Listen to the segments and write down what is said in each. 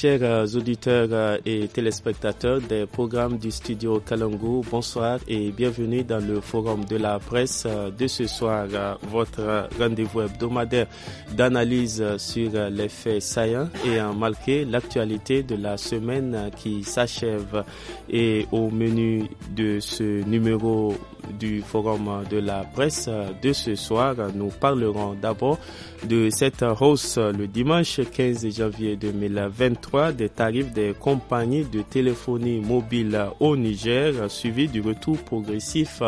Chers euh, auditeurs euh, et téléspectateurs des programmes du studio Kalangou, bonsoir et bienvenue dans le forum de la presse euh, de ce soir, votre rendez-vous hebdomadaire d'analyse sur les faits saillants et en marqué l'actualité de la semaine qui s'achève. Et au menu de ce numéro du forum de la presse de ce soir, nous parlerons d'abord de cette hausse le dimanche 15 janvier 2023 des tarifs des compagnies de téléphonie mobile au Niger, suivi du retour progressif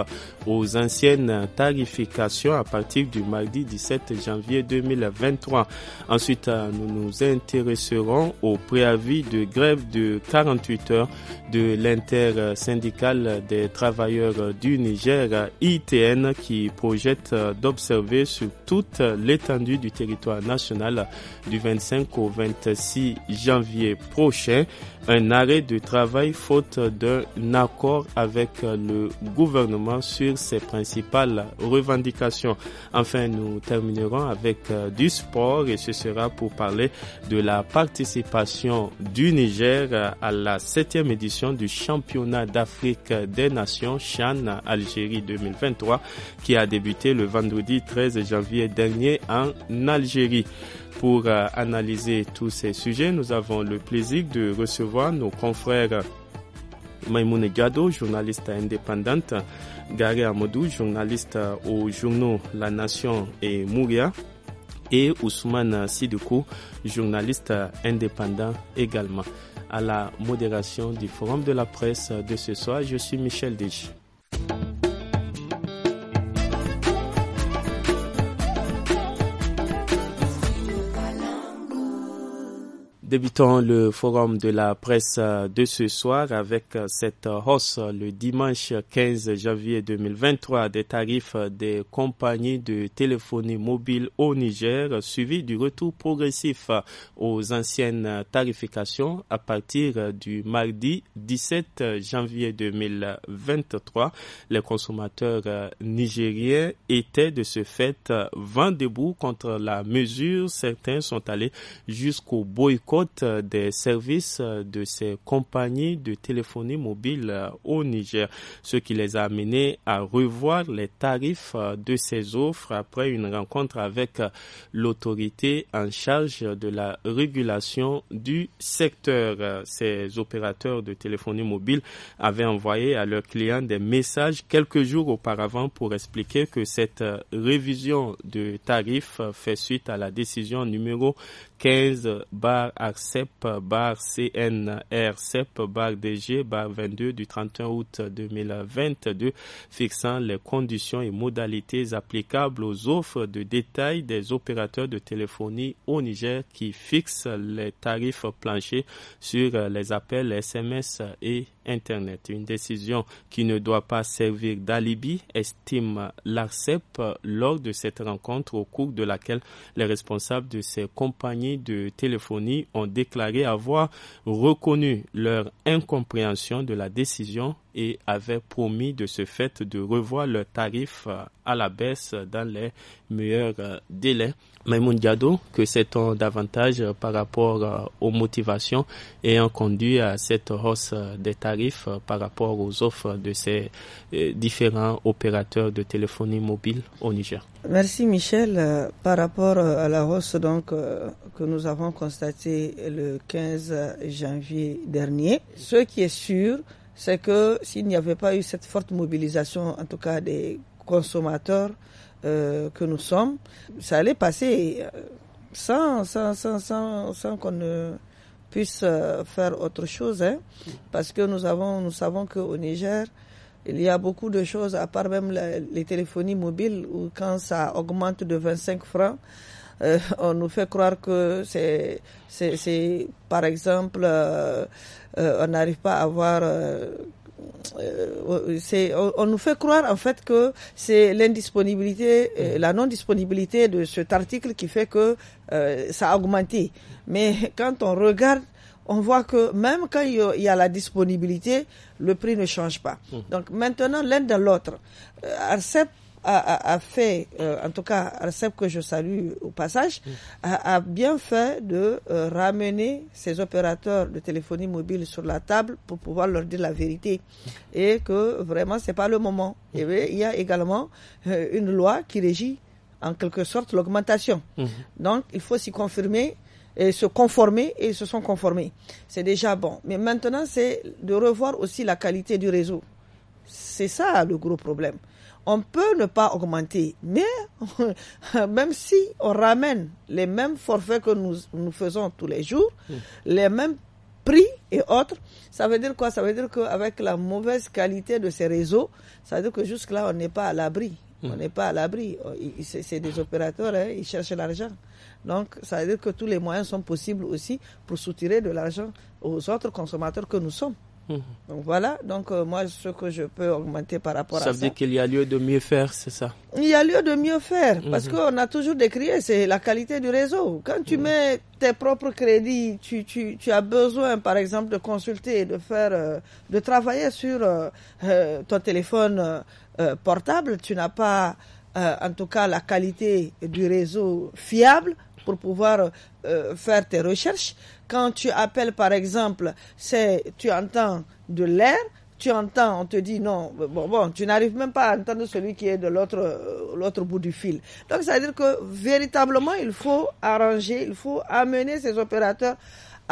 aux anciennes tarifications à partir du mardi 17 janvier 2023. Ensuite, nous nous intéresserons au préavis de grève de 48 heures de l'intersyndicale des travailleurs du Niger, ITN, qui projette d'observer sur toute l'étendue du territoire national du 25 au 26 janvier janvier prochain un arrêt de travail faute d'un accord avec le gouvernement sur ses principales revendications. Enfin, nous terminerons avec euh, du sport et ce sera pour parler de la participation du Niger à la septième édition du championnat d'Afrique des Nations Chan Algérie 2023 qui a débuté le vendredi 13 janvier dernier en Algérie. Pour euh, analyser tous ces sujets, nous avons le plaisir de recevoir nos confrères Maïmoune Gado, journaliste indépendante, Gary Amadou, journaliste aux journaux La Nation et Mouria, et Ousmane Sidoukou, journaliste indépendant également. À la modération du Forum de la presse de ce soir, je suis Michel Dij. Débutons le forum de la presse euh, de ce soir avec euh, cette euh, hausse le dimanche 15 janvier 2023 des tarifs des compagnies de téléphonie mobile au Niger, suivi du retour progressif aux anciennes tarifications à partir du mardi 17 janvier 2023. Les consommateurs nigériens étaient de ce fait vent debout contre la mesure. Certains sont allés jusqu'au boycott euh, des services euh, de ces compagnies de téléphonie mobile euh, au Niger, ce qui les a amenés à revoir les tarifs de ces offres après une rencontre avec l'autorité en charge de la régulation du secteur. Ces opérateurs de téléphonie mobile avaient envoyé à leurs clients des messages quelques jours auparavant pour expliquer que cette révision de tarifs fait suite à la décision numéro 15 bar ARCEP bar CNRCEP bar DG bar 22 du 31 août 2022 fixant les conditions et modalités applicables aux offres de détail des opérateurs de téléphonie au Niger qui fixent les tarifs planchers sur les appels SMS et Internet. Une décision qui ne doit pas servir d'alibi, estime l'ARCEP lors de cette rencontre au cours de laquelle les responsables de ces compagnies de téléphonie ont déclaré avoir reconnu leur incompréhension de la décision et avaient promis de ce fait de revoir leurs tarifs euh, à la baisse dans les meilleurs euh, délais. Maimoun Diado, que c'est on davantage par rapport euh, aux motivations ayant conduit à cette hausse des tarifs par rapport aux offres de ces différents opérateurs de téléphonie mobile au Niger Merci Michel. Par rapport à la hausse donc que nous avons constatée le 15 janvier dernier, ce qui est sûr, c'est que s'il n'y avait pas eu cette forte mobilisation, en tout cas des consommateurs que nous sommes, ça allait passer sans, sans, sans, sans, sans qu'on ne puisse faire autre chose, parce que nous avons, nous savons qu'au Niger, il y a beaucoup de choses, à part même les téléphonies mobiles, où quand ça augmente de 25 francs, on nous fait croire que c'est, c'est, par exemple, euh, on n'arrive pas à avoir euh, euh, on, on nous fait croire en fait que c'est l'indisponibilité, mm. la non-disponibilité de cet article qui fait que ça a augmenté. Mais quand on regarde, on voit que même quand il y a la disponibilité, le prix ne change pas. Mm. Donc maintenant, l'un dans l'autre, Arcep a, fait, euh, en tout cas Arcep que je salue au passage, mm. a, bien fait de euh, ramener ces opérateurs de téléphonie mobile sur la table pour pouvoir leur dire la vérité mm. et que vraiment c'est pas le moment. Mm. il y a également euh, une loi qui régit en quelque sorte l'augmentation. Donc il faut s'y confirmer et se conformer et ils se sont conformés. C'est déjà bon. Mais maintenant, c'est de revoir aussi la qualité du réseau. C'est ça le gros problème. On peut ne pas augmenter, mais même si on ramène les mêmes forfaits que nous, nous faisons tous les jours, mm. les mêmes prix et autres, ça veut dire quoi Ça veut dire qu'avec la mauvaise qualité de ces réseaux, ça veut dire que jusque-là, on n'est pas à l'abri. Mm. On n'est pas à l'abri. Oh, c'est des opérateurs, hein, ils cherchent l'argent. Donc, ça veut dire que tous les moyens sont possibles aussi pour soutirer de l'argent aux autres consommateurs que nous sommes. Mhm. Donc voilà, donc euh, moi ce que je peux augmenter par rapport à ça. Ça veut dire qu'il y a lieu de mieux faire, c'est ça Il y a lieu de mieux faire mhm. parce qu'on a toujours décrié, c'est la qualité du réseau. Quand tu mhm. mets tes propres crédits, tu, as besoin par exemple de consulter, de faire, euh, de travailler sur euh, ton téléphone portable, tu n'as pas en tout cas la qualité du réseau fiable pour pouvoir euh, faire tes recherches. Quand tu appelles, par exemple, c'est tu entends de l'air, tu entends, on te dit non, bon, bon tu n'arrives même pas à entendre celui qui est de l'autre, euh, l'autre bout du fil. Donc, ça veut dire que véritablement, il faut arranger, il faut amener ces opérateurs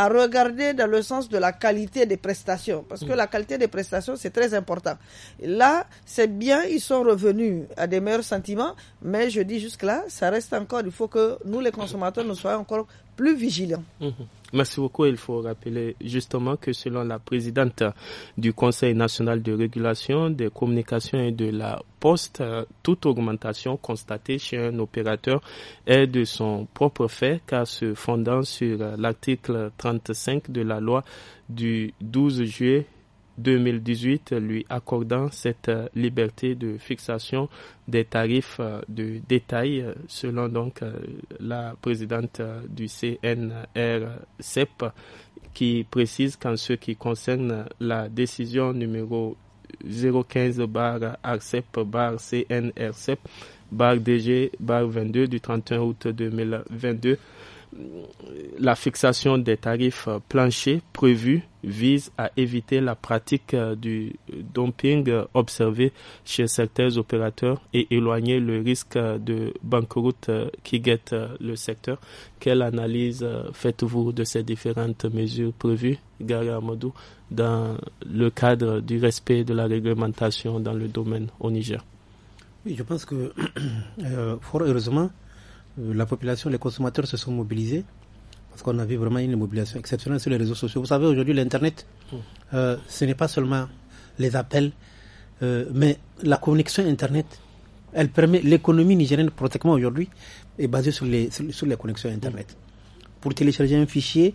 à regarder dans le sens de la qualité des prestations, parce que mm. la qualité des prestations, c'est très important. Là, c'est bien, ils sont revenus à des meilleurs sentiments, mais je dis jusque-là, ça reste encore, il faut que nous, les consommateurs, nous soyons encore plus vigilants. Mm-hmm. Merci beaucoup. Il faut rappeler justement que selon la présidente du Conseil national de régulation des communications et de la poste, toute augmentation constatée chez un opérateur est de son propre fait car se fondant sur l'article 35 de la loi du 12 juillet 2018 lui accordant cette euh, liberté de fixation des tarifs euh, de détail euh, selon donc la présidente du CNRCEP qui précise qu'en ce qui concerne la décision numéro 015 ARCEP CNRCEP DG 22 du 31 août 2022 la fixation des tarifs euh, planchers prévus vise à éviter la pratique euh, du dumping euh, observé chez certains opérateurs et éloigner le risque de banqueroute qui guette le secteur. Quelle analyse faites-vous de ces différentes mesures prévues, Gary Amadou, dans le cadre du respect de la réglementation dans le domaine au Niger Oui, je pense que, fort heureusement, euh, la population, les consommateurs se sont mobilisés parce qu'on a vu vraiment une mobilisation exceptionnelle sur les réseaux sociaux. Vous savez, aujourd'hui, l'Internet, mm. euh, ce n'est pas seulement les appels, euh, mais la connexion Internet, elle permet l'économie nigérienne pratiquement aujourd'hui est basée sur les, sur, les connexions Internet. Mm. Pour télécharger un fichier,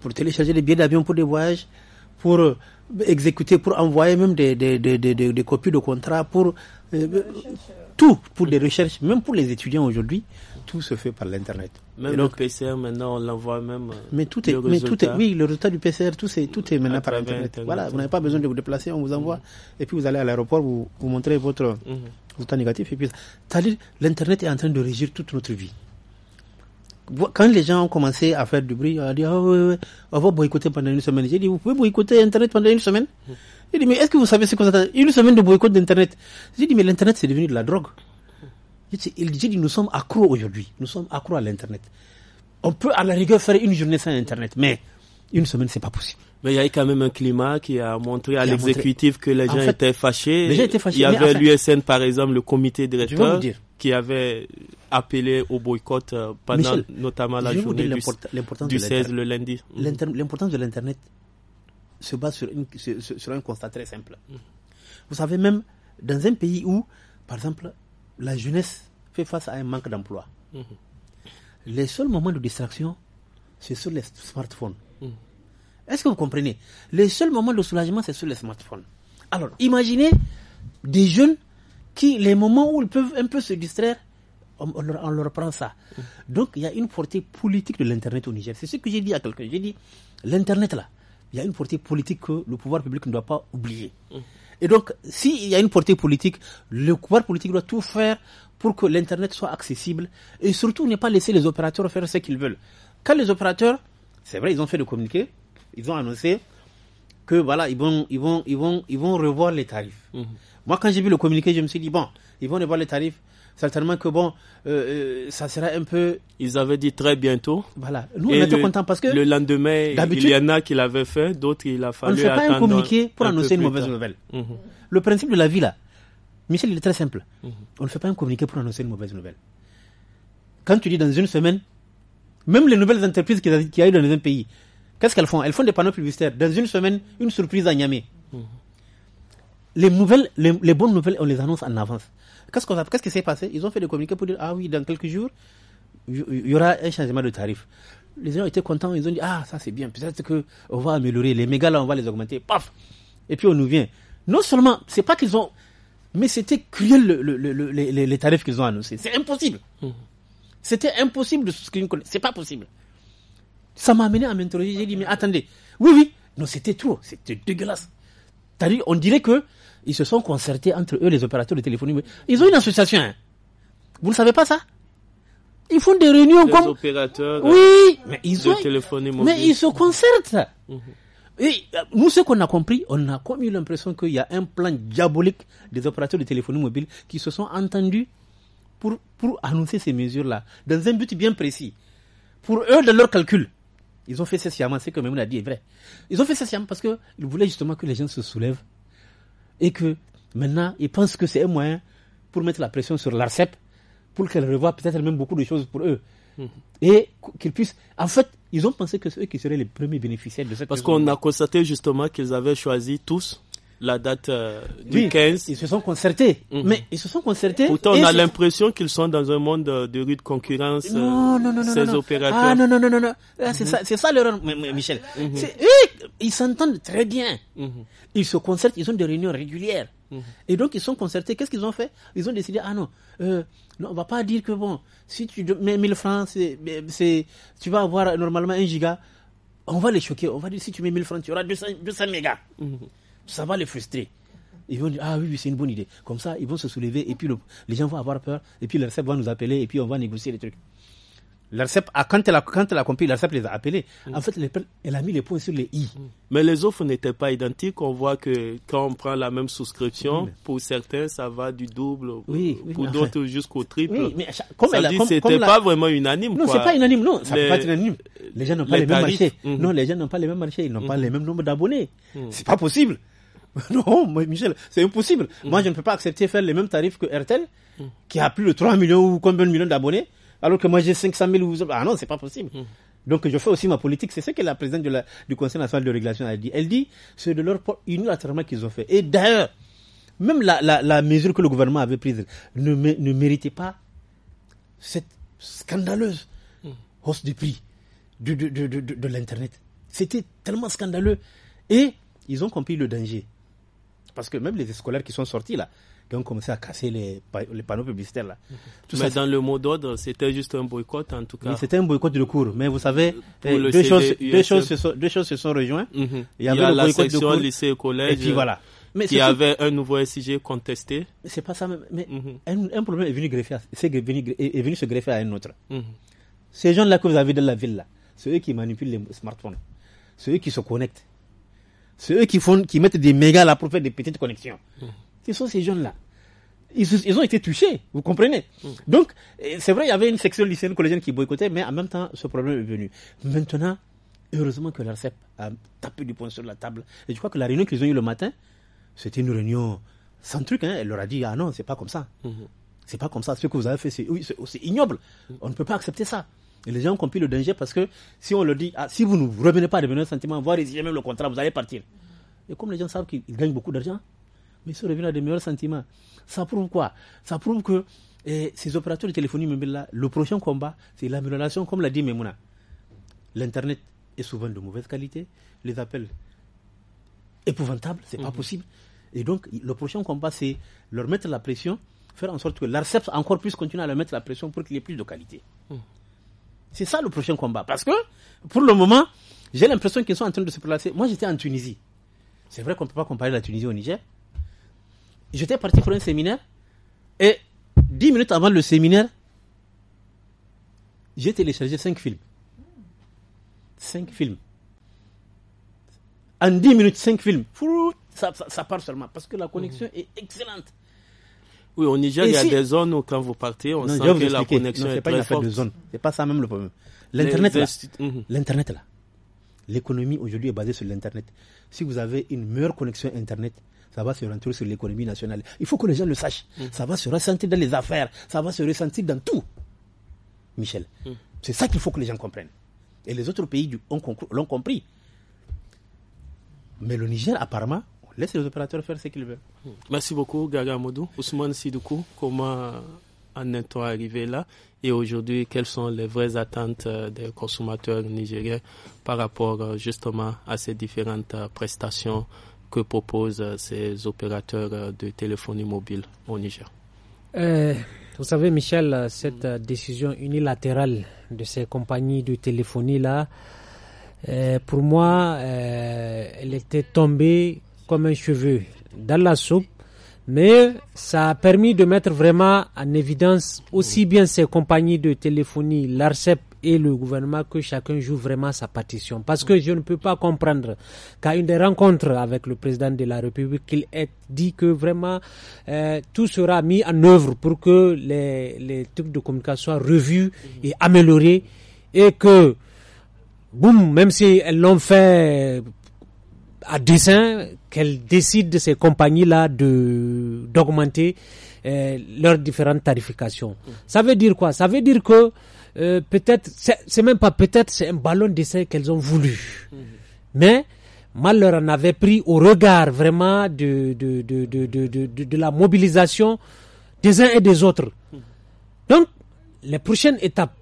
pour télécharger des billets d'avion pour des voyages, pour exécuter, pour envoyer même des, des, des, des, copies de contrats, pour tout pour les recherches, même pour les étudiants aujourd'hui, tout se fait par l'internet. Même le PCR maintenant, on l'envoie même. Euh, mais tout est, tout est, oui, le résultat du PCR, tout est, tout est maintenant par internet. Voilà, vous n'avez pas besoin de vous déplacer, on vous envoie, mm-hmm. et puis vous allez à l'aéroport, vous, vous montrez votre mm-hmm. résultat négatif, et puis, c'est-à-dire, l'internet est en train de régir toute notre vie quand les gens ont commencé à faire du bruit, on a dit, oh, ah, oui, oui, on va boycotter pendant une semaine. J'ai dit, vous pouvez boycotter Internet pendant une semaine mm-hmm. Il dit, mais est-ce que vous savez ce qu'on attend Une semaine de boycott d'Internet. J'ai dit, mais l'Internet, c'est devenu de la drogue. Il dit, nous sommes accros aujourd'hui. Nous sommes accros à l'Internet. On peut à la rigueur faire une journée sans Internet, mais une semaine, ce n'est pas possible. Mais il y a eu quand même un climat qui a montré à l'exécutif que les gens étaient fâchés. Il y avait l'USN, par exemple, le comité directeur, qui avait appelé au boycott euh, pendant notamment la journée du 16 le lundi. L'importance de l'Internet se base sur, une, sur, un constat très simple. Vous savez, même dans un pays où, par exemple, la jeunesse fait face à un manque d'emploi, les seuls moments de distraction, c'est sur les smartphones. Est-ce que vous comprenez Les seuls moments de soulagement, c'est sur les smartphones. Alors, imaginez des jeunes qui, les moments où ils peuvent un peu se distraire, on, leur, prend ça. Donc, il y a une portée politique de l'Internet au Niger. C'est ce que j'ai dit à quelqu'un. J'ai dit, l'Internet, là, il y a une portée politique que le pouvoir public ne doit pas oublier. Et donc, s'il y a une portée politique, le pouvoir politique doit tout faire pour que l'Internet soit accessible et surtout ne pas laisser les opérateurs faire ce qu'ils veulent. Quand les opérateurs, c'est vrai, ils ont fait le communiqué, ils ont annoncé que voilà, ils vont, ils vont, ils vont, ils vont revoir les tarifs. Mmh. Moi, quand j'ai vu le communiqué, je me suis dit, bon, ils vont revoir les tarifs certainement que bon, euh, euh, ça sera un peu. Ils avaient dit très bientôt. Voilà. Nous, on était contents parce que. Le lendemain, il y en a qui l'avaient fait, d'autres il a fallu. On ne fait pas un communiqué pour annoncer une mauvaise nouvelle. Mhm. Le principe de la vie là, Michel, il est très simple. Mhm. On ne fait pas un communiqué pour annoncer une mauvaise nouvelle. Quand tu dis dans une semaine, même les nouvelles entreprises qui, arrivent dans un pays, qu'est-ce qu'elles font Elles font des panneaux publicitaires. Dans une semaine, une surprise à Niamey. Mhm. Les, nouvelles, les bonnes nouvelles, on les annonce en avance. Qu'est-ce qu'on qui s'est passé Ils ont fait des communiqués pour dire ah oui, dans quelques jours, il y aura un changement de tarif. Les gens étaient contents, ils ont dit ah ça c'est bien, peut-être que on va améliorer les mégas on va les augmenter, paf. Et puis on nous vient. Non seulement, c'est pas qu'ils ont, mais c'était cruel les, tarifs qu'ils ont annoncés. C'est impossible. Mmh. C'était impossible de souscrire une C'est pas possible. Ça m'a amené à m'interroger. J'ai dit mais attendez, oui oui, non c'était trop, c'était dégueulasse. C'est-à-dire, on dirait que ils se sont concertés entre eux, les opérateurs de téléphonie. mobile. Ils ont une association. Hein. Vous ne savez pas ça Ils font des réunions les comme... opérateurs oui, euh, mais ils de téléphonie Mais ils se concertent. Mhm. Et euh, nous, ce qu'on a compris, on a comme eu l'impression qu'il y a un plan diabolique des opérateurs de téléphonie mobile qui se sont entendus pour, pour annoncer ces mesures-là, dans un but bien précis. Pour eux, dans leur calcul, ils ont fait ça sciemment, c'est que même on a dit est vrai. Ils ont fait ça sciemment parce qu'ils voulaient justement que les gens se soulèvent et que maintenant ils pensent que c'est un moyen pour mettre la pression sur l'ARCEP pour qu'elle revoie peut-être même beaucoup de choses pour eux. Mhm. Et qu'ils puissent. En fait, ils ont pensé que c'est eux qui seraient les premiers bénéficiaires de cette. Parce qu'on a constaté justement qu'ils avaient choisi tous la date euh, du 15. Ils se sont concertés. Mhm. Mais ils se sont concertés. Pourtant, on a l'impression qu'ils sont dans un monde euh, de rude concurrence. Non, euh, non, non, Ces opérateurs. Ah, non, non, non, non. non. Ah, mhm. c'est ça, ça leur. Michel. Mhm. ils s'entendent très bien. Ils se concertent, ils ont des réunions régulières. Et donc, ils sont concertés. Qu'est-ce qu'ils ont fait Ils ont décidé, ah non, on va pas dire que bon, si tu mets 1000 francs, c'est, tu vas avoir normalement 1 giga. On va les choquer. On va dire, si tu mets 1000 francs, tu auras 200 mégas. Ça va les frustrer. Ils vont dire, ah oui, oui c'est une bonne idée. Comme ça, ils vont se soulever et puis les gens vont avoir peur. Et puis l'ARCEP va nous appeler et puis on va négocier les trucs. L'ARCEP, quand elle a, quand compris, l'ARCEP les a appelés. Mm. En fait, elle, a mis les points sur les i. Mm. Mais les offres n'étaient pas identiques. On voit que quand on prend la même souscription, pour certains, ça va du double, pour d'autres jusqu'au triple. Oui, mais elle a, dit, c'était pas vraiment unanime. Non, c'est pas unanime, non. Ça les... pas être unanime. Les gens n'ont pas les, mêmes marchés. Mm. Non, les gens n'ont pas les mêmes marchés. Ils n'ont pas les mêmes nombres d'abonnés. C'est pas possible. non, Michel, c'est impossible. Mm. Moi, je ne peux pas accepter de faire les mêmes tarifs que RTL, qui a plus de 3 millions ou combien de millions d'abonnés, alors que moi j'ai 500 000 ou... Ah non, c'est pas possible. Mm. Donc je fais aussi ma politique. C'est ce que la présidente du Conseil national de régulation a dit. Elle dit, c'est de leur a unilatéralement qu'ils ont fait. Et d'ailleurs, même la, mesure que le gouvernement avait prise ne, méritait pas cette scandaleuse mm. hausse des prix de l'Internet. C'était tellement scandaleux. Et ils ont compris le danger. Parce que même les scolaires qui sont sortis là, qui ont commencé à casser les, les panneaux publicitaires là. Tout mais ça, dans le mot d'ordre, c'était juste un boycott en tout cas. c'était un boycott de cours. Mais vous savez, eh, deux, choses, se sont, deux, choses, se sont, rejointes. Mhm. Il y avait la boycott lycée et collège. Et puis voilà. Mais y avait un nouveau SIG contesté. C'est pas ça Mais mhm. un, problème est venu, greffer venu, se greffer à un autre. Mhm. Ces gens-là que vous avez dans la ville là, c'est qui manipulent les smartphones. ceux qui se connectent c'est eux qui font, qui mettent des mégas là pour faire des petites connexions. Ce mm. sont ces jeunes-là. Ils, ont été touchés, vous comprenez. Mm. Donc, c'est vrai, il y avait une section lycéenne collégienne qui boycottait, mais en même temps, ce problème est venu. Maintenant, heureusement que l'ARCEP a tapé du poing sur la table. Et je crois que la réunion qu'ils ont eue le matin, c'était une réunion sans truc. Hein. Elle leur a dit, ah non, c'est pas comme ça. Mm-hmm. C'est pas comme ça. Ce que vous avez fait, c'est ignoble. Mm. On ne peut pas accepter ça. Et les gens ont compris le danger parce que si on leur dit, ah, si vous ne revenez pas à meilleurs sentiments, voire résister même le contrat, vous allez partir. Et comme les gens savent qu'ils gagnent beaucoup d'argent, mais ils se reviennent à des meilleurs sentiments. Ça prouve quoi Ça prouve que eh, ces opérateurs de téléphonie mobile-là, le prochain combat, c'est l'amélioration, comme l'a dit Memouna. L'Internet est souvent de mauvaise qualité, les appels épouvantables, c'est n'est pas mhm. possible. Et donc, le prochain combat, c'est leur mettre la pression, faire en sorte que l'ARCEP encore plus continue à leur mettre la pression pour qu'il y ait plus de qualité. Mhm. C'est ça le prochain combat. Parce que, pour le moment, j'ai l'impression qu'ils sont en train de se placer. Moi, j'étais en Tunisie. C'est vrai qu'on ne peut pas comparer la Tunisie au Niger. J'étais parti pour un séminaire. Et dix minutes avant le séminaire, j'ai téléchargé cinq films. Cinq films. En dix minutes, cinq films. Ça, ça, ça part seulement. Parce que la connexion est excellente. Oui, au Niger, il y a des zones où quand vous partez, on sent que la connexion est, pas très une forte. de zone. C'est pas ça même le problème. L'internet là, mhm. là, l'économie aujourd'hui est basée sur l'internet. Si vous avez une meilleure connexion internet, ça va se rentrer sur l'économie nationale. Il faut que les gens le sachent. Mhm. Ça va se ressentir dans les affaires, ça va se ressentir dans tout. Michel, mhm. c'est ça qu'il faut que les gens comprennent. Et les autres pays l'ont compris. Mais le Niger, apparemment, Laissez les opérateurs faire ce qu'ils veulent. Merci beaucoup, Gaga Modou. Ousmane Sidoukou, comment en est-on arrivé là Et aujourd'hui, quelles sont les vraies attentes euh, des consommateurs nigériens par rapport euh, justement à ces différentes euh, prestations que proposent ces opérateurs de téléphonie mobile au Niger Vous savez, Michel, cette décision unilatérale de ces compagnies de téléphonie-là, pour moi, elle était tombée comme un cheveu dans la soupe, mais ça a permis de mettre vraiment en évidence aussi bien ces compagnies de téléphonie, l'ARCEP et le gouvernement que chacun joue vraiment sa partition. Parce que je ne peux pas comprendre qu'à une des rencontres avec le président de la République, qu'il ait dit que vraiment euh, tout sera mis en œuvre pour que les, les trucs de communication soient revus et améliorés et que boum, même si elles l'ont fait à dessein qu'elles décident de ces compagnies-là de d'augmenter euh, leurs différentes tarifications. Ça veut dire quoi Ça veut dire que euh, peut-être, c'est même pas peut-être, c'est un ballon d'essai qu'elles ont voulu. Mais mal leur en avait pris au regard vraiment de, de, de, de, de la mobilisation des uns et des autres. Donc, les prochaines étapes,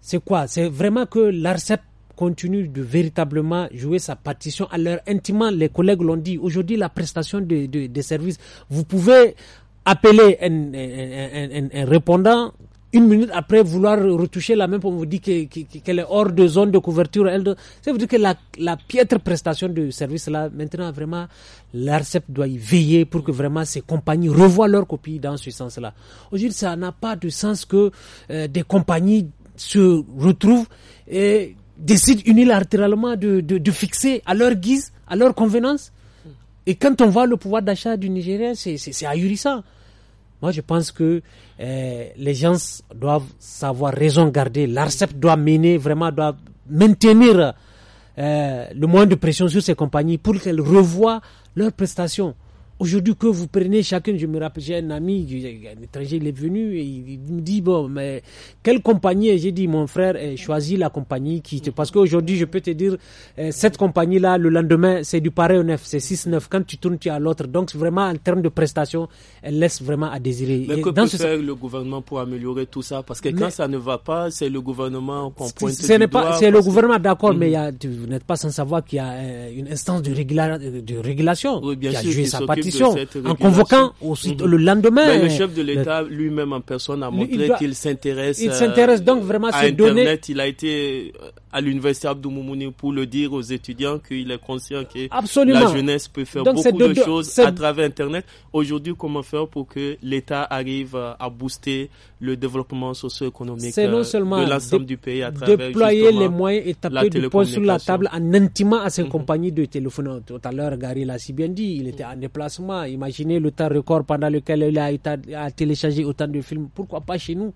c'est quoi C'est vraiment que l'ARCEP continue de véritablement jouer sa partition. À l'heure intimement, les collègues l'ont dit, aujourd'hui la prestation des de, services, vous pouvez appeler un, un, un, répondant une minute après vouloir retoucher la même pour vous dire qu'elle est hors de zone de couverture. Elle Ça veut dire que la, la piètre prestation de service là, maintenant vraiment, l'ARCEP doit y veiller pour que vraiment ces compagnies revoient leurs copies dans ce sens-là. Aujourd'hui, ça n'a pas de sens que euh, des compagnies se retrouvent et décident unilatéralement de, fixer à leur guise, à leur convenance. Et quand on voit le pouvoir d'achat du Nigérien, c'est ahurissant. Moi, je pense que euh, les gens doivent savoir raison garder. L'ARCEP doit mener, vraiment, doit maintenir euh, le moins de pression sur ces compagnies pour qu'elles revoient leurs prestations. Aujourd'hui, que vous prenez chacun, je me rappelle, j'ai un ami, un étranger, il est venu et il me dit, bon, mais quelle compagnie J'ai dit, mon frère, eh, choisis la compagnie qui te... Parce qu'aujourd'hui, je peux te dire, eh, cette compagnie-là, le lendemain, c'est du pareil au neuf, c'est 6-9. Quand tu tournes, tu as l'autre. Donc, vraiment, en termes de prestations, elle laisse vraiment à désirer. Mais que peut le gouvernement pour améliorer tout ça Parce que quand ça ne va pas, c'est le gouvernement qu'on pointe ce n'est C'est le gouvernement, d'accord, mais mhm. vous n'êtes pas sans savoir qu'il y a euh, une instance de, régulation qui a joué sa partie en convoquant aussi mhm. le lendemain. Mais le chef de l'État lui-même en personne a montré qu'il s'intéresse. Il s'intéresse donc euh, vraiment à ces Internet. Il a été euh, à l'université Abdou Moumouni pour le dire aux étudiants qu'il est conscient que la jeunesse peut faire beaucoup de, choses à travers Internet. Aujourd'hui, comment faire pour que l'État arrive à booster le développement socio-économique euh, de l'ensemble du pays à travers déployer les moyens et taper du poing sur la table en intimant à ses mhm. compagnies de téléphone. Tout à l'heure, Gary l'a si bien dit, il était en déplacement. Imaginez le temps record pendant lequel il a téléchargé autant de films. Pourquoi pas chez nous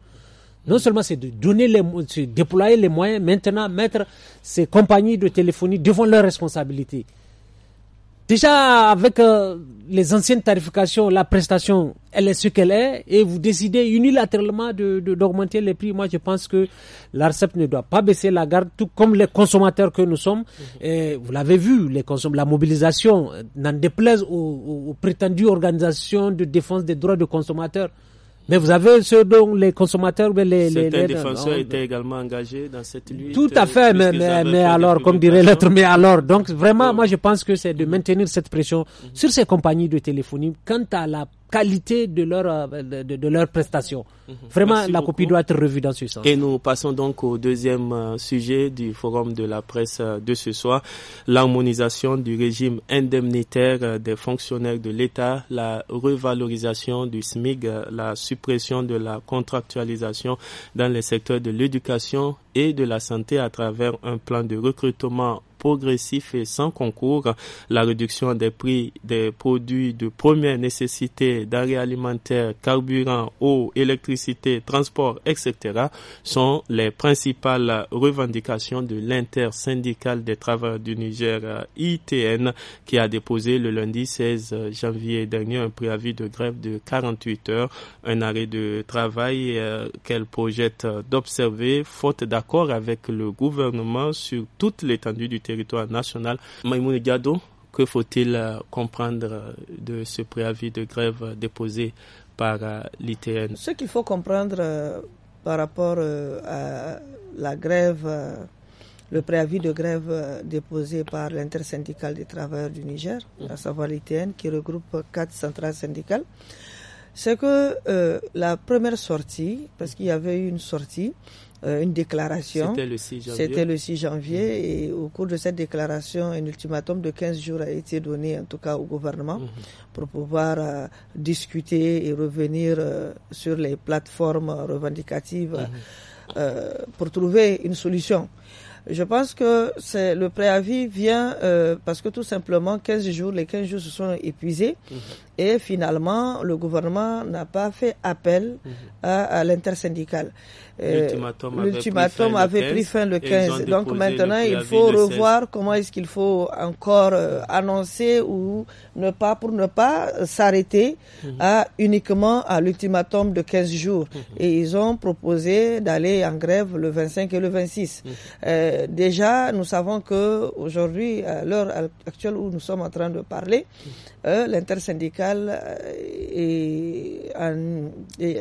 non seulement c'est de donner les, déployer les moyens, maintenant mettre ces compagnies de téléphonie devant leurs responsabilités. Déjà, avec euh, les anciennes tarifications, la prestation, elle est ce qu'elle est, et vous décidez unilatéralement d'augmenter de, les prix. Moi, je pense que l'ARCEP ne doit pas baisser la garde, tout comme les consommateurs que nous sommes. Mhm. vous l'avez vu, les la mobilisation n'en déplaise aux, aux, prétendues organisations de défense des droits de consommateurs. Mais vous avez ce dont les consommateurs... Les, les, défenseurs étaient également engagés dans cette lutte. Tout à euh, fait, mais, mais, alors, comme dirait l'autre, mais alors. Donc vraiment, moi je pense que c'est de mm. maintenir cette pression mm. sur ces compagnies de téléphonie quant à la qualité de leur, euh, de, leur prestation. Mhm. Vraiment, la copie doit être revue dans ce sens. Et nous passons donc au deuxième euh, sujet du forum de la presse euh, de ce soir, l'harmonisation du régime indemnitaire des fonctionnaires de l'État, la revalorisation du SMIG, la suppression de la contractualisation dans les secteurs de l'éducation, et de la santé à travers un plan de recrutement progressif et sans concours, la réduction des prix des produits de première nécessité, d'arrêt alimentaire, carburant, eau, électricité, transport, etc. sont les principales revendications de l'intersyndicale des travailleurs du Niger ITN qui a déposé le lundi 16 janvier dernier un préavis de grève de 48 heures, un arrêt de travail euh, qu'elle projette d'observer faute d'accord d'accord avec le gouvernement sur toute l'étendue du territoire national. Maïmoune Gado, que faut-il euh, comprendre euh, de ce préavis de grève euh, déposé par l'ITN Ce qu'il faut comprendre par rapport à la grève, le préavis de grève déposé par l'intersyndicale des travailleurs du Niger, mm. à savoir l'ITN, qui regroupe quatre centrales syndicales, c'est que la première sortie, parce qu'il y avait eu une sortie, euh, une déclaration. C'était le 6 janvier. C'était le 6 janvier. Et au cours de cette déclaration, un ultimatum de 15 jours a été donné, en tout cas au gouvernement, mhm. pour pouvoir euh, discuter et revenir euh, sur les plateformes revendicatives mhm. pour trouver une solution. Je pense que c'est le préavis vient parce que tout simplement 15 jours, les 15 jours se sont épuisés mhm. Et finalement, le gouvernement n'a pas fait appel mhm. à, à l'intersyndicale. Euh, l'ultimatum avait, pris fin le 15. Donc maintenant, il faut revoir comment est-ce qu'il faut encore euh, annoncer ou ne pas pour ne pas s'arrêter mhm. à uniquement à l'ultimatum de 15 jours. Mhm. Et ils ont proposé d'aller en grève le 25 et le 26. Euh, déjà, nous savons que aujourd'hui, à l'heure actuelle où nous sommes en train de parler, l'intersyndical euh, l'intersyndicale euh,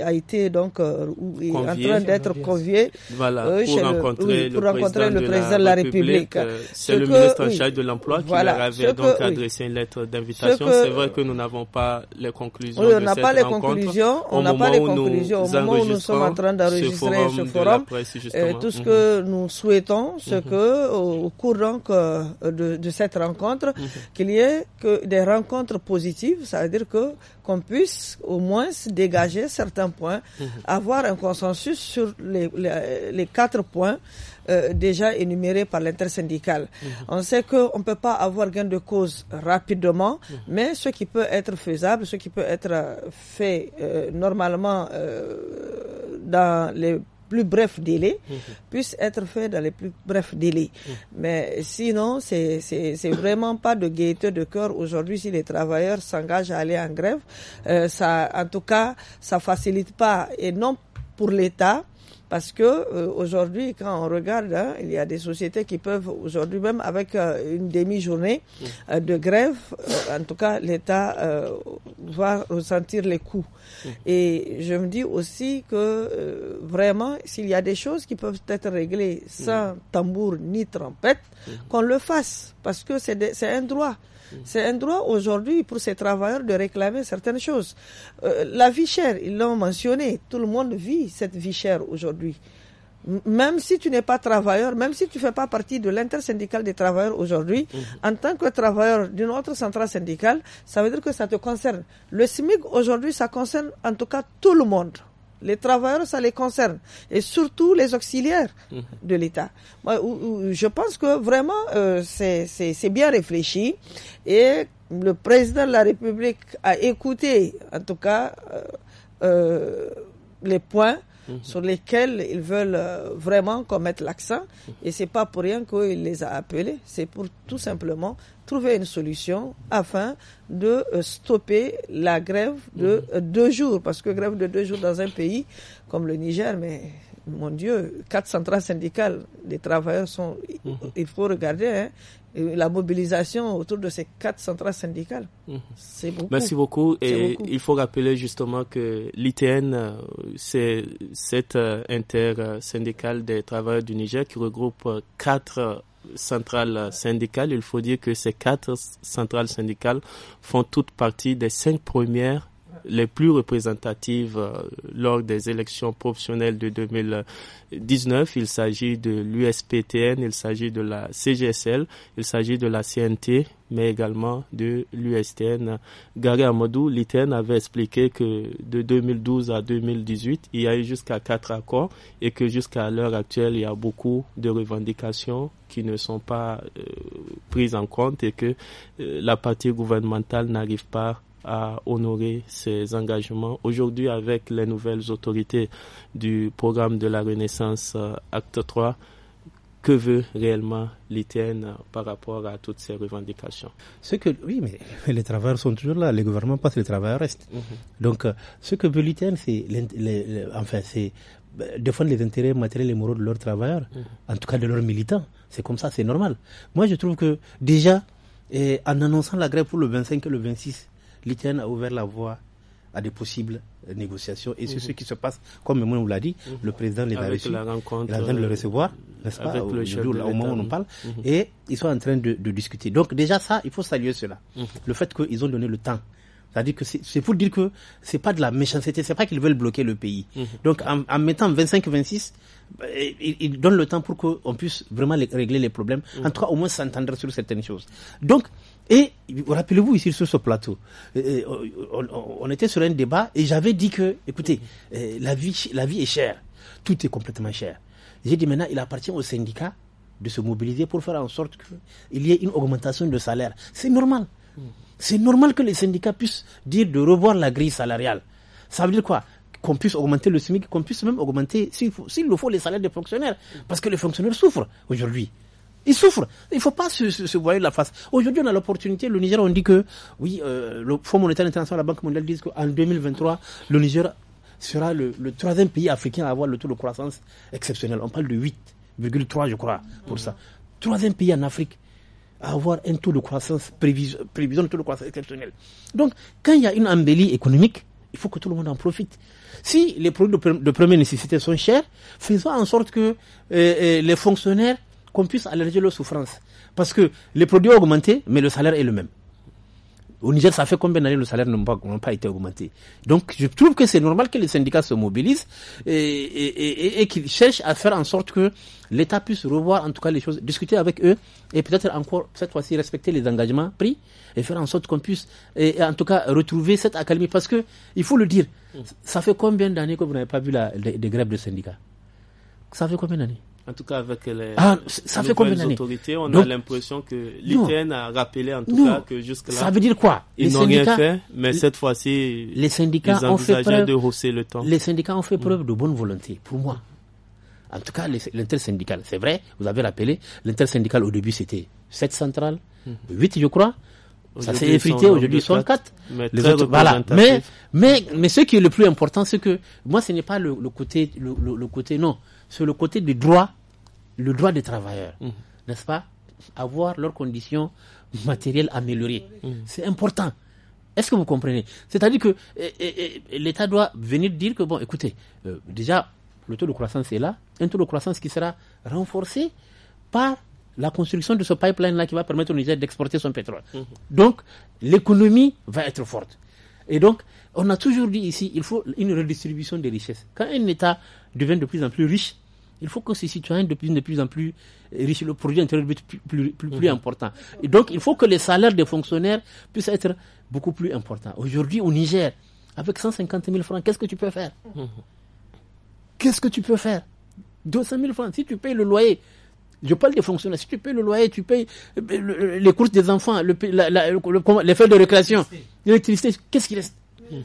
a été donc euh, en train d'être convié pour, rencontrer le, président de la, République. C'est le ministre en charge de l'emploi qui leur avait donc adressé une lettre d'invitation. C'est vrai que nous n'avons pas les conclusions. on n'a pas les conclusions. On n'a pas les conclusions. Au moment où nous sommes en train d'enregistrer ce forum, tout ce mhm. que nous souhaitons, c'est mhm. que au, cours de, cette rencontre, mhm. qu'il y ait que des rencontres positive, ça veut dire que qu'on puisse au moins dégager certains points, mhm. avoir un consensus sur les, quatre points euh, déjà énumérés par l'intersyndical. Mhm. On sait qu'on ne peut pas avoir gain de cause rapidement, mhm. mais ce qui peut être faisable, ce qui peut être fait euh, normalement euh, dans les plus brefs délais mmh. puissent être faits dans les plus brefs délais. Mmh. Mais sinon, c'est c'est vraiment pas de gaieté de cœur aujourd'hui si les travailleurs s'engagent à aller en grève. Euh, ça, en tout cas, ça facilite pas et non pour l'État parce que euh, aujourd'hui, quand on regarde, hein, il y a des sociétés qui peuvent aujourd'hui même avec euh, une demi-journée euh, de grève, en tout cas l'État va ressentir les coûts. Et je me dis aussi que vraiment, s'il y a des choses qui peuvent être réglées sans tambour ni trompette, qu'on le fasse parce que c'est un droit. C'est un droit aujourd'hui pour ces travailleurs de réclamer certaines choses. Euh, la vie chère, ils l'ont mentionné, tout le monde vit cette vie chère aujourd'hui. Même si tu n'es pas travailleur, même si tu ne fais pas partie de l'intersyndicale des travailleurs aujourd'hui, mhm. en tant que travailleur d'une autre centrale syndicale, ça veut dire que ça te concerne. Le SMIC aujourd'hui, ça concerne en tout cas tout le monde. Les travailleurs, ça les concerne. Et surtout les auxiliaires mhm. de l'État. Je pense que vraiment, euh, c'est bien réfléchi. Et le président de la République a écouté, en tout cas, euh, euh, les points Mhm. sur lesquels ils veulent euh, vraiment commettre l'accent. Mhm. Et c'est pas pour rien qu'il les a appelés. C'est pour tout simplement trouver une solution afin de euh, stopper la grève de mhm. euh, deux jours. Parce que grève de deux jours dans un pays comme le Niger, mais mon Dieu, quatre centrales syndicales, les travailleurs sont, mhm. il faut regarder, hein, la mobilisation autour de ces quatre centrales syndicales. Mhm. C'est beaucoup. Merci beaucoup. Et il faut rappeler justement que l'ITN, euh, c'est cette euh, inter syndicale des travailleurs du Niger qui regroupe euh, quatre centrales syndicales. Il faut dire que ces quatre centrales syndicales font toutes partie des cinq premières les plus représentatives euh, lors des élections professionnelles de 2019. Il s'agit de l'USPTN, il s'agit de la CGSL, il s'agit de la CNT, mais également de l'USTN. Gary Amadou, l'ITN avait expliqué que de 2012 à 2018, il y a eu jusqu'à quatre accords et que jusqu'à l'heure actuelle, il y a beaucoup de revendications qui ne sont pas euh, prises en compte et que euh, la partie gouvernementale n'arrive pas à honorer ses engagements. Aujourd'hui, avec les nouvelles autorités du programme de la Renaissance euh, Acte 3, que veut réellement l'ITN euh, par rapport à toutes ces revendications ce que, Oui, mais les travailleurs sont toujours là, les gouvernements passent, les travailleurs restent. Mhm. Donc, euh, ce que veut l'ITN, c'est enfin, défendre les intérêts matériels et moraux de leurs travailleurs, mhm. en tout cas de leurs militants. C'est comme ça, c'est normal. Moi, je trouve que déjà, en annonçant la grève pour le 25 et le 26, l'ITN a ouvert la voie à des possibles euh, négociations. Et c'est mhm. ce qui se passe, comme vous l'a dit, le président les a il est en de le euh, recevoir, n'est-ce pas, au, moment où on parle. Mhm. Et ils sont en train de, discuter. Donc déjà ça, il faut saluer cela. Mhm. Le fait qu'ils ont donné le temps. C'est-à-dire que c'est pour dire que c'est pas de la méchanceté, c'est pas qu'ils veulent bloquer le pays. Donc en, en mettant 25-26, euh, ils, donnent le temps pour qu'on puisse vraiment régler les problèmes. En tout cas, au moins s'entendre sur certaines choses. Donc et rappelez-vous ici sur ce plateau, euh, euh, on, était sur un débat et j'avais dit que, écoutez, euh, la vie, la vie est chère, tout est complètement cher. J'ai dit maintenant, il appartient aux syndicats de se mobiliser pour faire en sorte qu'il y ait une augmentation de salaire. C'est normal. C'est normal que les syndicats puissent dire de revoir la grille salariale. Ça veut dire quoi qu'on puisse augmenter le SMIC, qu'on puisse même augmenter, s'il le faut, les salaires des fonctionnaires. Parce que les fonctionnaires souffrent aujourd'hui. Ils souffrent. Il ne faut pas se, se, la face. Aujourd'hui, on a l'opportunité. Le Niger, on dit que, oui, euh, le Fonds monétaire international, la Banque mondiale disent qu'en 2023, le Niger sera le, troisième pays africain à avoir le taux de croissance exceptionnel. On parle de 8,3, je crois, pour ça. Troisième pays en Afrique à avoir un taux de croissance prévision, taux de croissance exceptionnel. Donc, quand il y a une embellie économique, il faut que tout le monde en profite. Si les produits de, première nécessité sont chers, faisons en sorte que euh, euh, les fonctionnaires qu'on puisse alléger leur souffrance. Parce que les produits ont augmenté, mais le salaire est le même. Au Niger, ça fait combien d'années le salaire n'a pas, été augmenté Donc, je trouve que c'est normal que les syndicats se mobilisent et, qu'ils cherchent à faire en sorte que l'État puisse revoir en tout cas les choses, discuter avec eux et peut-être encore cette fois-ci respecter les engagements pris et faire en sorte qu'on puisse en tout cas retrouver cette académie. Parce que il faut le dire, mm. ça fait combien d'années que vous n'avez pas vu la, grève des grèves de syndicats Ça fait combien d'années en tout cas, avec les, ah, ça fait autorités, on a l'impression que l'ITN a rappelé en tout cas que jusque-là. Ça veut dire quoi Ils n'ont rien fait, mais cette fois-ci, les syndicats ils ont fait preuve, de hausser le temps. Les syndicats ont fait mm. preuve de bonne volonté, pour moi. En tout cas, l'intersyndical, c'est vrai, vous avez rappelé, l'intersyndical au début c'était 7 centrales, 8 mm. je crois. Ça s'est effrité, aujourd'hui ils 4. Mais, mais, ce qui est le plus important, c'est que moi ce n'est pas le, côté, le côté non sur le côté du droit, le droit des travailleurs, mhm. n'est-ce pas Avoir leurs conditions matérielles améliorées. Mhm. C'est important. Est-ce que vous comprenez C'est-à-dire que eh, eh, eh, l'État doit venir dire que, bon, écoutez, euh, déjà, le taux de croissance est là, un taux de croissance qui sera renforcé par la construction de ce pipeline-là qui va permettre au Niger d'exporter son pétrole. Mhm. Donc, l'économie va être forte. Et donc, on a toujours dit ici, il faut une redistribution des richesses. Quand un État devient de plus en plus riche, il faut que ces citoyens deviennent de plus en plus riches, le produit intérieur plus, plus, mhm. important. Et donc, il faut que les salaires des fonctionnaires puissent être beaucoup plus importants. Aujourd'hui, au Niger, avec 150 000 francs, qu'est-ce que tu peux faire mhm. Qu'est-ce que tu peux faire 200 000 francs, si tu payes le loyer, je parle des fonctionnaires. Si tu payes le loyer, tu payes euh, les courses des enfants, le, les frais de récréation, l'électricité, qu'est-ce qui reste mhm.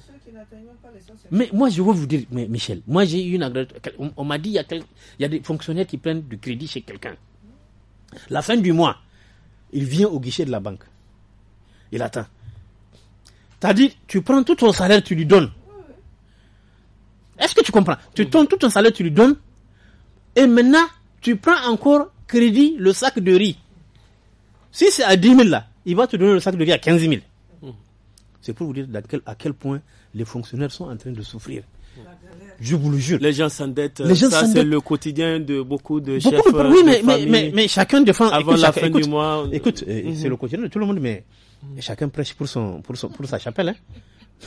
Mais moi, je veux vous dire, Michel, moi j'ai eu une On, on m'a dit, il y, a des fonctionnaires qui prennent du crédit chez quelqu'un. La fin du mois, il vient au guichet de la banque. Il attend. as dit, tu prends tout ton salaire, tu lui donnes. Est-ce que tu comprends Tu donnes tout ton salaire, tu lui donnes. Et maintenant, tu prends encore crédit le sac de riz. Si c'est à 10 000 là, il va te donner le sac de riz à 15 000. C'est pour vous dire à quel point les fonctionnaires sont en train de souffrir. Je vous le jure. Les gens s'endettent. Ça, c'est le quotidien de beaucoup de chefs. Oui, mais, mais, mais, chacun défend. Avant la fin du mois. Écoute, euh, euh, c'est mhm. le quotidien de tout le monde, mais chacun prêche pour, sa chapelle. Hein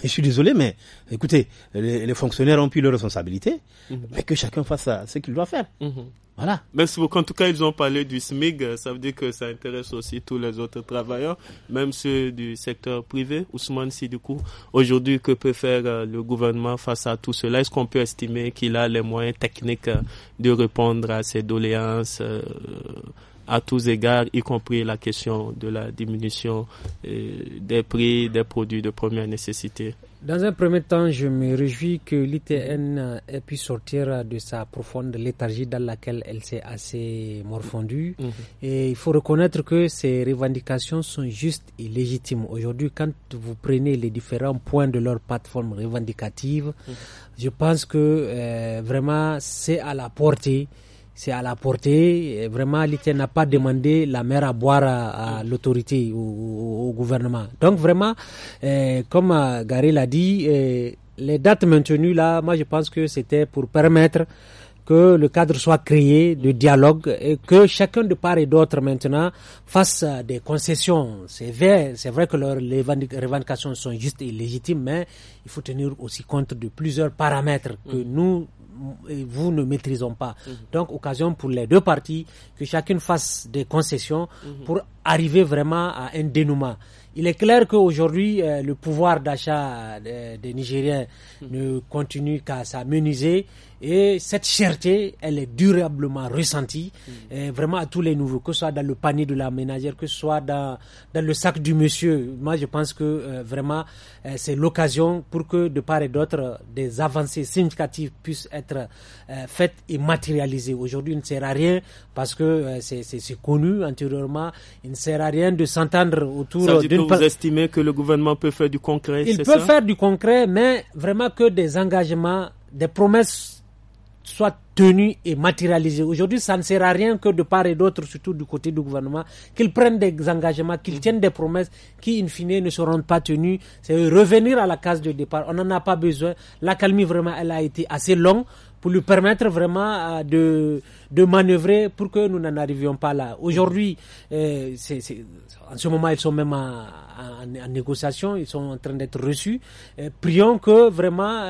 je suis désolé, mais écoutez, les, fonctionnaires ont pris leurs responsabilités, mhm. mais que chacun fasse ce qu'il doit faire. Mhm. Voilà. Merci beaucoup. En tout cas, ils ont parlé du SMIG. Ça veut dire que ça intéresse aussi tous les autres travailleurs, même ceux du secteur privé. Ousmane si du coup, aujourd'hui, que peut faire euh, le gouvernement face à tout cela Est-ce qu'on peut estimer qu'il a les moyens techniques euh, de répondre à ces doléances euh, à tous égards, y compris la question de la diminution euh, des prix des produits de première nécessité. Dans un premier temps, je me réjouis que l'ITN ait pu sortir de sa profonde léthargie dans laquelle elle s'est assez morfondue. Mhm. Et il faut reconnaître que ces revendications sont justes et légitimes. Aujourd'hui, quand vous prenez les différents points de leur plateforme revendicative, mhm. je pense que euh, vraiment c'est à la portée c'est à la portée. vraiment, l'État n'a pas demandé la mer à boire euh, à, l'autorité, ou au, gouvernement. Donc vraiment, euh, comme euh, Gary l'a dit, les dates maintenues là, moi je pense que c'était pour permettre que le cadre soit créé de dialogue et que chacun de part et d'autre maintenant fasse des concessions. C'est vrai, c'est vrai que leurs revendications sont justes et légitimes, mais il faut tenir aussi compte de plusieurs paramètres que mm. nous, et vous ne maîtrisons pas. Mhm. Donc, occasion pour les deux parties que chacune fasse des concessions mhm. pour arriver vraiment à un dénouement. Il est clair qu'aujourd'hui, euh, le pouvoir d'achat euh, des, Nigériens mhm. ne continue qu'à s'amenuiser et cette cherté, elle est durablement ressentie, mm. eh, vraiment à tous les nouveaux, que ce soit dans le panier de la ménagère, que ce soit dans, dans le sac du monsieur. Moi, je pense que euh, vraiment, eh, c'est l'occasion pour que de part et d'autre, des avancées significatives puissent être eh, faites et matérialisées. Aujourd'hui, il ne sert à rien, parce que c'est connu antérieurement, il ne sert à rien de s'entendre autour d'une... Vous estimez que le gouvernement peut faire du concret, Il peut faire du concret, mais vraiment que des engagements, des promesses soit tenu et matérialisé. Aujourd'hui, ça ne sert à rien que de part et d'autre, surtout du côté du gouvernement, qu'ils prennent des engagements, qu'ils tiennent des promesses qui, in fine, ne seront pas tenues. C'est revenir à la case de départ. On n'en a pas besoin. La calmie, vraiment, elle a été assez longue pour lui permettre vraiment euh, de, de manœuvrer pour que nous n'en arrivions pas là. Aujourd'hui, euh, en ce moment, ils sont même en, négociation, ils sont en train d'être reçus. Euh, prions que vraiment,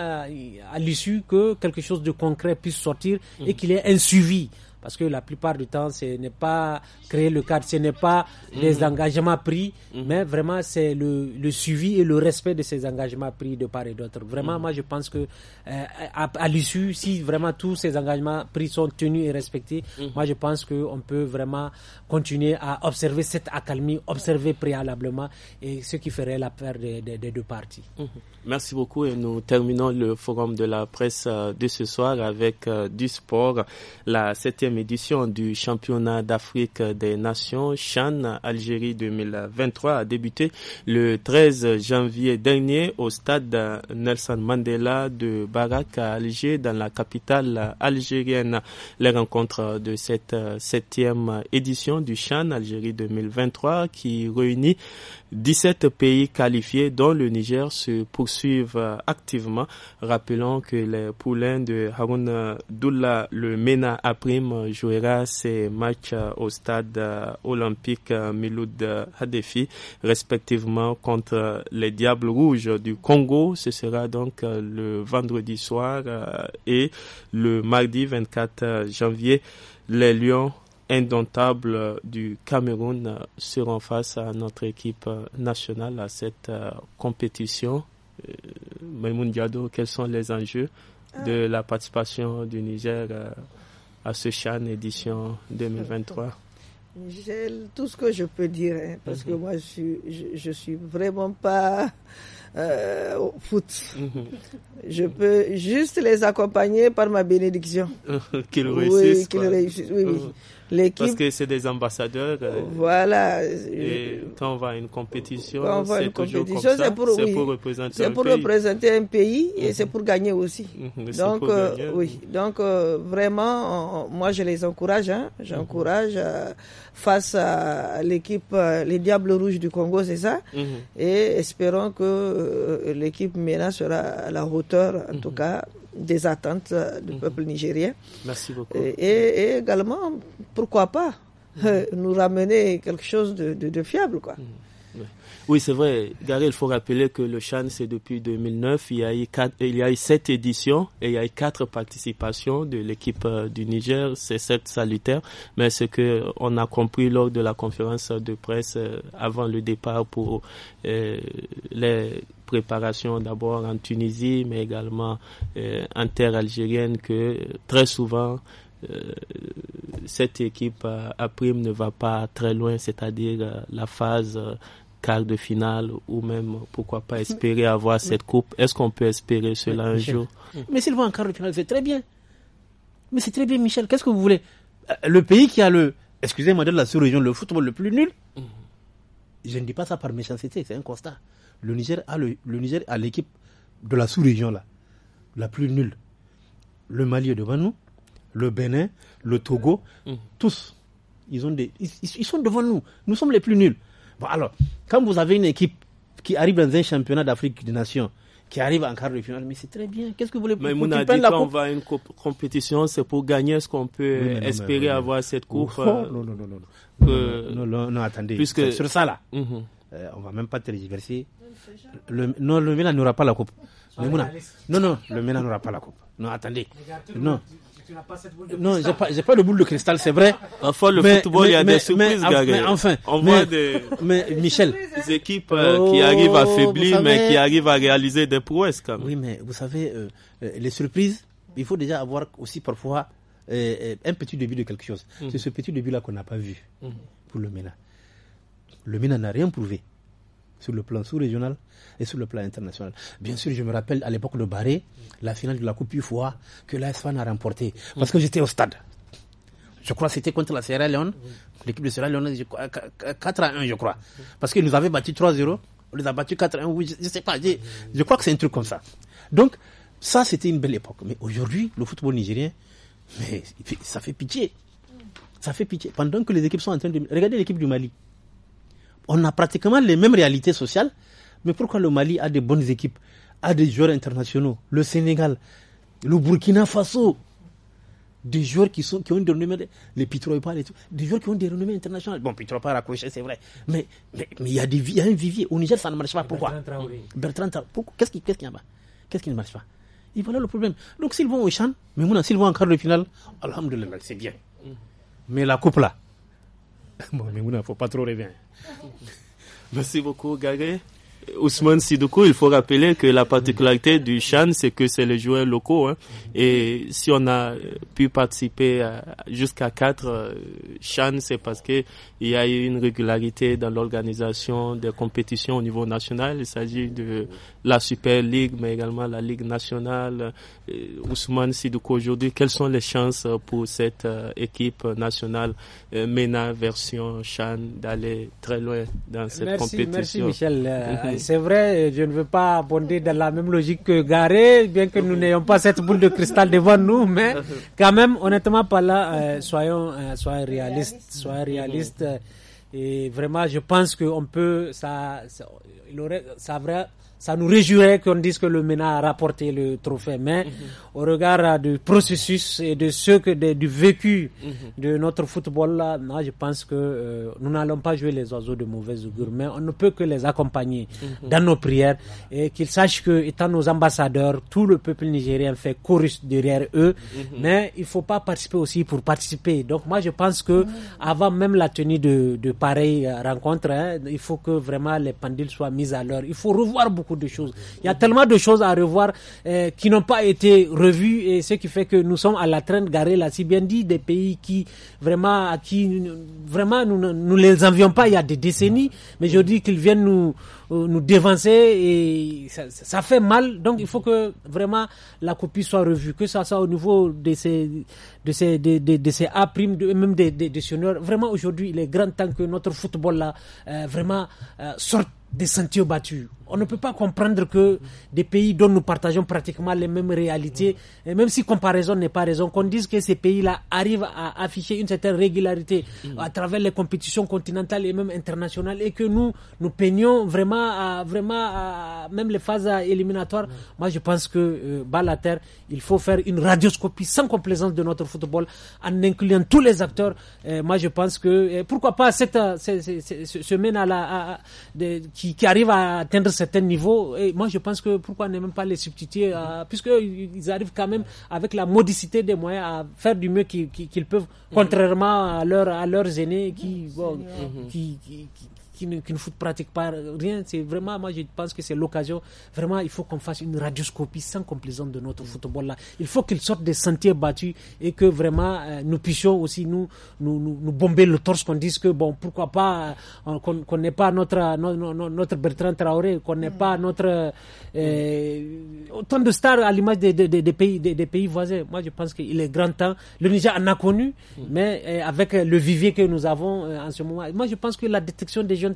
à l'issue, que quelque chose de concret puisse sortir et mhm. qu'il y ait un suivi parce que la plupart du temps, ce n'est pas créer le cadre, ce n'est pas les mhm. engagements pris, mhm. mais vraiment c'est le, suivi et le respect de ces engagements pris de part et d'autre. Vraiment, mhm. moi je pense que euh, à, l'issue, si vraiment tous ces engagements pris sont tenus et respectés, moi je pense qu'on peut vraiment continuer à observer cette accalmie, observer préalablement et ce qui ferait la des, des, deux parties. Merci beaucoup et nous terminons le forum de la presse euh, de ce soir avec euh, du sport, la septième édition du championnat d'Afrique des Nations Chan Algérie 2023 a débuté le 13 janvier dernier au stade Nelson Mandela de Barak à Alger dans la capitale algérienne. Les rencontres de cette septième édition du Chan Algérie 2023 qui réunit 17 pays qualifiés dont le Niger se poursuivent euh, activement. Rappelons que les poulains de Harun euh, Doula, le MENA Aprim, euh, jouera ses matchs au stade olympique Miloud Hadefi, respectivement contre les Diables Rouges du Congo. Ce sera donc le vendredi soir et le mardi 24 janvier, les Lions indomptables du Cameroun euh, seront face à notre équipe euh, nationale à cette euh, compétition. Maïmoun Diado, quels sont les enjeux de la participation du Niger à ce Chan édition 2023 tout ce que je peux dire, hein, parce que mhm. moi je suis, suis vraiment pas au foot. Mhm. Je peux juste les accompagner par ma bénédiction. Qu'ils réussissent. Mhm. Parce que c'est des ambassadeurs. Euh, voilà. Et quand on va à une compétition, c'est pour, représenter, un, pays. et mhm. c'est pour gagner aussi. Mhm, Donc, euh, oui. Donc, euh, vraiment, moi, je les encourage. Hein. J'encourage mhm. face à l'équipe, les Diables Rouges du Congo, c'est ça. Et espérons que l'équipe MENA sera à la hauteur, en tout cas des attentes euh, du mhm. peuple nigérien. Merci beaucoup. Et, également, pourquoi pas nous ramener quelque chose de, de fiable, quoi. Mhm. Oui, c'est vrai. Gary, il faut rappeler que le Chan, c'est depuis 2009. Il y, a eu il y a eu sept éditions et il y a eu quatre participations de l'équipe euh, du Niger. C'est sept salutaire, mais ce que on a compris lors de la conférence de presse euh, avant le départ pour euh, les préparations d'abord en Tunisie, mais également en terre algérienne, que très souvent cette équipe à prime ne va pas très loin, c'est-à-dire la phase quart de finale ou même, pourquoi pas, espérer avoir cette coupe. Est-ce qu'on peut espérer cela un jour hmm. Mais s'il vont en quart de finale, c'est très bien. Mais c'est très bien, Michel. Qu'est-ce que vous voulez euh, Le pays qui a le, excusez-moi, de la sous-région, le football le plus nul, hmm. je ne dis pas ça par méchanceté, c'est un constat. Le Niger a le, Niger l'équipe de la sous-région là, la plus nulle. Le Mali est devant nous, le Bénin, le Togo, hmm. tous, ils ont ils, sont devant nous. Nous sommes les plus nuls alors, quand vous avez une équipe qui arrive dans un championnat d'Afrique des Nations, qui arrive en quart de finale, mais c'est très bien. Qu'est-ce que vous voulez Mais on a dit qu'on va à une compétition, c'est pour gagner ce qu'on peut espérer avoir cette coupe. Euh, non, non, non, non, non, attendez. Puisque... Sur ça, là, mhm. euh, on ne va même pas te Le, non, le Milan n'aura pas la coupe. non, non, le Milan n'aura pas la coupe. Non, attendez. Non, tu n'as pas boule de cristal. Non, j'ai pas, le boule de cristal, c'est vrai. Enfin, le football, il y a des surprises, ah, mais, enfin, On voit des, Michel. des hein. équipes euh, qui oh, arrivent à faiblir, mais qui arrivent à réaliser des prouesses, quand même. Oui, mais vous savez, euh, euh, les surprises, il faut déjà avoir aussi parfois un petit début de quelque chose. Mm. C'est ce petit début-là qu'on n'a pas vu mm. pour le MENA. Le MENA n'a rien prouvé sur le plan sous-régional et sur le plan international. Bien sûr, je me rappelle à l'époque de Barré, la finale de la Coupe UFOA que l'ASFAN a remporté. Parce que j'étais au stade. Je crois que c'était contre la Sierra Leone, l'équipe de Sierra Leone, 4 à 1, je crois. Parce qu'ils nous avaient battu 3-0, on les a battus 4 à 1, je, ne sais pas. Je, crois que c'est un truc comme ça. Donc, ça, c'était une belle époque. Mais aujourd'hui, le football nigérien, mais ça fait pitié. Ça fait pitié. Pendant que les équipes sont en train de. Regardez l'équipe du Mali on a pratiquement les mêmes réalités sociales. Mais pourquoi le Mali a des bonnes équipes, a des joueurs internationaux, le Sénégal, le Burkina Faso, des joueurs qui, sont, qui ont des renommées, les Pitroipal et tout, des joueurs qui ont des renommées internationales. Bon, Pitroipal raccroché, c'est vrai. Mais il mais, y, a y a un vivier. Au Niger, ça ne marche pas. Pourquoi Bertrand Traoré. Qu'est-ce qu'il qu en y a là-bas Qu'est-ce qui ne marche pas Et voilà le problème. Donc s'ils vont au Chan, mais s'ils vont en quart de finale, Alhamdulillah, c'est bien. Mais la coupe là, bon, mais il ne faut pas trop rêver. Merci beaucoup, Gagé. Ousmane Sidoukou, il faut rappeler que la particularité du Shan, c'est que c'est les joueurs locaux. Hein. Et si on a pu participer jusqu'à quatre Shan, euh, c'est parce que il y a eu une régularité dans l'organisation des compétitions au niveau national. Il s'agit de la Super League, mais également la Ligue nationale. Euh, Ousmane Sidoukou, aujourd'hui, quelles sont les chances pour cette euh, équipe nationale MENA version Shan d'aller très loin dans cette compétition Merci Michel. c'est vrai, je ne veux pas abonder dans la même logique que Garé, bien que nous n'ayons pas cette boule de cristal devant nous, mais quand même, honnêtement, pas là, euh, soyons, euh, soyons réalistes, soyons réalistes. et vraiment, je pense qu'on peut, ça, il aurait, ça, ça nous réjouirait qu'on dise que le MENA a rapporté le trophée. Mais mhm. au regard euh, du processus et de ce que des du vécu mhm. de notre football, là, euh, moi, je pense que euh, nous n'allons pas jouer les oiseaux de mauvaise augure, mais on ne peut que les accompagner mhm. dans nos prières et qu'ils sachent que, étant nos ambassadeurs, tout le peuple nigérien fait chorus derrière eux. Mais il faut pas participer aussi pour participer. Donc moi, je pense que avant même la tenue de, de pareilles rencontres, hein, il faut que vraiment les pendules soient mises à l'heure. Il faut revoir beaucoup de choses. Il y a tellement de choses à revoir euh, qui n'ont pas été revues et ce qui fait que nous sommes à la traîne garée là, si bien dit, des pays qui vraiment, à qui vraiment nous ne les envions pas il y a des décennies, mais je dis qu'ils viennent nous euh, nous dévancer et ça, fait mal. Donc il faut que vraiment la copie soit revue, que ça soit au niveau de ces de ces de, A de, même des des, Vraiment aujourd'hui, il est grand temps que notre football là euh, vraiment sorte des sentiers battus. On ne peut pas comprendre que des pays dont nous partageons pratiquement les mêmes réalités, et même si comparaison n'est pas raison, qu'on dise que ces pays-là arrivent à afficher une certaine régularité à travers les compétitions continentales et même internationales, et que nous, nous peignons vraiment à, vraiment à, même les phases éliminatoires. Moi, je pense que, euh, bas la terre, il faut faire une radioscopie sans complaisance de notre football, en incluant tous les acteurs. Euh, moi, je pense que, pourquoi pas cette, euh, semaine à la, à, de, qui, arrivent à atteindre certains niveaux. Et moi, je pense que pourquoi ne même pas les substituer, Puisqu'ils euh, puisque arrivent quand même avec la modicité des moyens à faire du mieux qu'ils peuvent, mhm. contrairement à, leur, à leurs aînés qui mhm qui ne, pratique pas rien. C'est vraiment, moi, je pense que c'est l'occasion. Vraiment, il faut qu'on fasse une radioscopie sans complaisance de notre mm. football là. Il faut qu'il sorte des sentiers battus et que vraiment euh, nous puissions aussi nous, nous, nous, bomber le torse, qu'on dise que bon, pourquoi pas, euh, qu'on qu n'ait pas notre, euh, notre Bertrand Traoré, qu'on n'ait mm. pas notre. autant de stars à l'image des, des, pays, des, des, pays voisins. Moi, je pense qu'il est grand temps. Le Niger en a connu, mm. mais avec le vivier que nous avons en ce moment. Moi, je pense que la détection des jeunes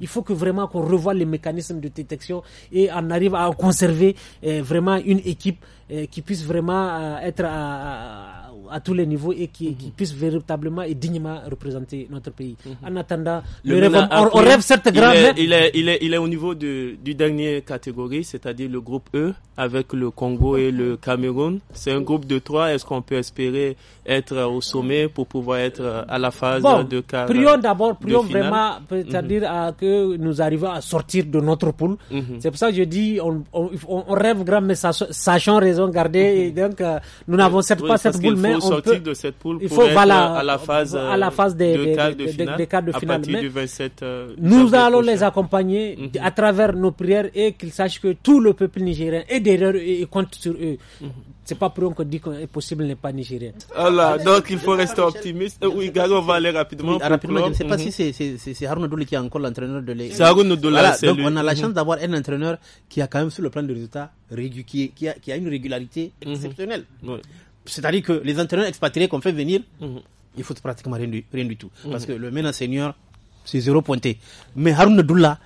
il faut que vraiment qu'on revoie les mécanismes de détection et on arrive à conserver euh, vraiment une équipe euh, qui puisse vraiment euh, être à à tous les niveaux et qui, puisse mhm. puissent véritablement et dignement représenter notre pays. Mhm. En attendant, on, rêve certes grand, il est, il, est, il, est, au niveau de, du dernier catégorie, c'est-à-dire le groupe E, avec le Congo et le Cameroun. C'est un groupe de trois. Est-ce qu'on peut espérer être au sommet pour pouvoir être à la phase de quart Prions d'abord, prions vraiment, c'est-à-dire mhm. que nous arrivons à sortir de notre poule. C'est pour ça que je dis, on, rêve grand, mais sachant raison garder. Et donc, euh, nous n'avons certes pas cette boule, mais faut sortir de cette poule pour aller à la phase, des, quarts de, finale, À partir du 27 euh, Nous allons les accompagner mhm. à travers nos prières et qu'ils sachent que tout le peuple nigérien est derrière et compte sur eux. Mhm. C'est pas pour eux qu'on dit qu'il est possible n'est pas nigérien. Voilà, donc il faut rester optimiste. Euh, oui, oui, on va aller rapidement. rapidement je ne sais pas mhm. si c'est Harun Douli qui est encore l'entraîneur de l'équipe. C'est Harun Douli, Donc on a la chance d'avoir un entraîneur qui a quand même sur le plan de résultats qui, a, qui a une régularité exceptionnelle. Oui. C'est-à-dire que les entraîneurs expatriés qu'on fait venir, mhm. ils ne faut pratiquement rien du, tout. Mhm. Parce que le Mena senior, c'est zéro pointé. Mais Haroun Doula,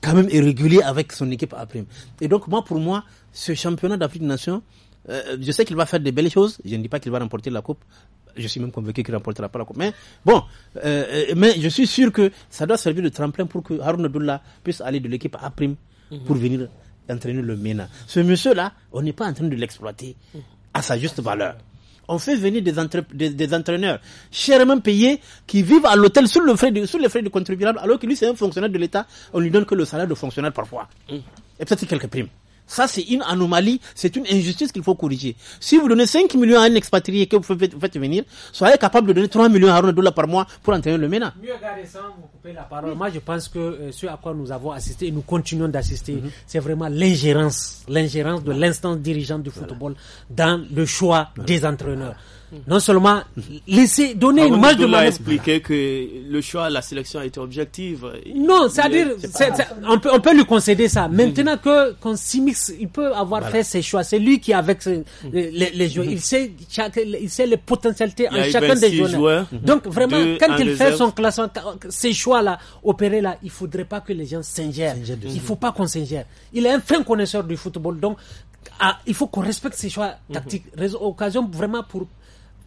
quand même, est régulier avec son équipe à prime. Et donc, moi, pour moi, ce championnat d'Afrique des Nations, euh, je sais qu'il va faire de belles choses. Je ne dis pas qu'il va remporter la Coupe. Je suis même convaincu qu'il ne remportera pas la Coupe. Mais bon, euh, euh, je suis sûr que ça doit servir de tremplin pour que Haroun Doula puisse aller de l'équipe à prime mhm. pour venir entraîner le MENA. Ce monsieur-là, on n'est pas en train de l'exploiter à sa juste valeur. On fait venir des, entraîneurs chèrement payés qui vivent à l'hôtel sous le frais les frais du contribuable alors que lui c'est un fonctionnaire de l'État. On lui donne que le salaire de fonctionnaire parfois. Mmh. Et peut-être quelques primes. Ça, c'est une anomalie, c'est une injustice qu'il faut corriger. Si vous donnez 5 millions à un expatrié que vous faites, venir, soyez capable de donner 3 millions à dollars par mois pour entraîner le MENA. Mieux garder ça, vous couper la parole. Moi, je pense que euh, ce à quoi nous avons assisté et nous continuons d'assister, mhm. c'est vraiment l'ingérence, l'ingérence de l'instance dirigeante du football dans le choix des entraîneurs non seulement laisser donner une image de manœuvre. expliqué que le choix, la sélection a été objective. Non, c'est-à-dire, on peut, on peut lui concéder ça. Maintenant que qu'on s'immixe, il peut avoir fait ses choix. C'est lui qui avec mm. les, joueurs, il sait il sait les potentialités en chacun des joueurs. Mm-hmm. Donc vraiment, quand il fait son classement, ces choix-là, opérés là, il faudrait pas que les gens s'ingèrent. Il faut pas qu'on s'ingère. Il est un fin connaisseur du football, donc ah, il faut qu'on respecte ses choix mm-hmm. tactiques. Occasion vraiment pour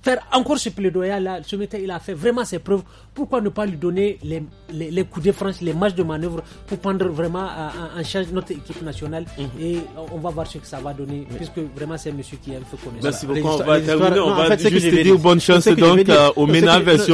faire encore ce plaidoyer-là. Ce il a fait vraiment ses preuves. Pourquoi ne pas lui donner les, les, coups de France, les matchs de manœuvre pour prendre vraiment euh, en charge notre équipe nationale mhm. Et on va voir ce que ça va donner, puisque vraiment, c'est un monsieur qui aime peu connaître. Merci beaucoup. On va On va juste dire bonne chance donc euh, au ménage Ce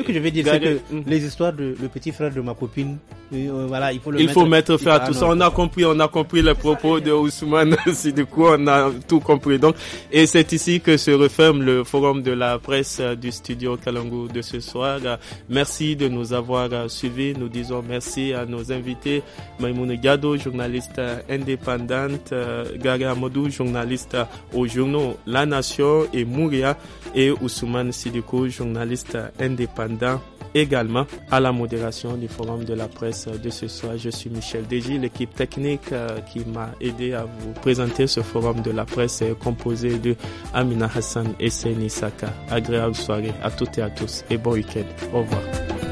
que je vais dire, c'est que mhm. les histoires de le petit frère de ma copine, euh, voilà, il faut le Il mettre, faut mettre fin à tout ça. On a compris, on a compris les propos de Ousmane. si du coup, on a tout compris. Donc, et c'est ici que se referme le forum de la presse euh, du studio Kalangu de ce soir. Merci de nous avoir euh, suivis. Nous disons merci à nos invités. Maïmoune Gado, journaliste euh, indépendante, Gaga Modou, journaliste au journaux La Nation et Mouria et Ousmane Sidiko, journaliste indépendant également à la modération du forum de la presse de ce soir. Je suis Michel Deji, l'équipe technique euh, qui m'a aidé à vous présenter ce forum de la presse est euh, composée de Amina Hassan et Seni Saka. Agréable soirée à toutes et à tous et bon week-end. Au revoir.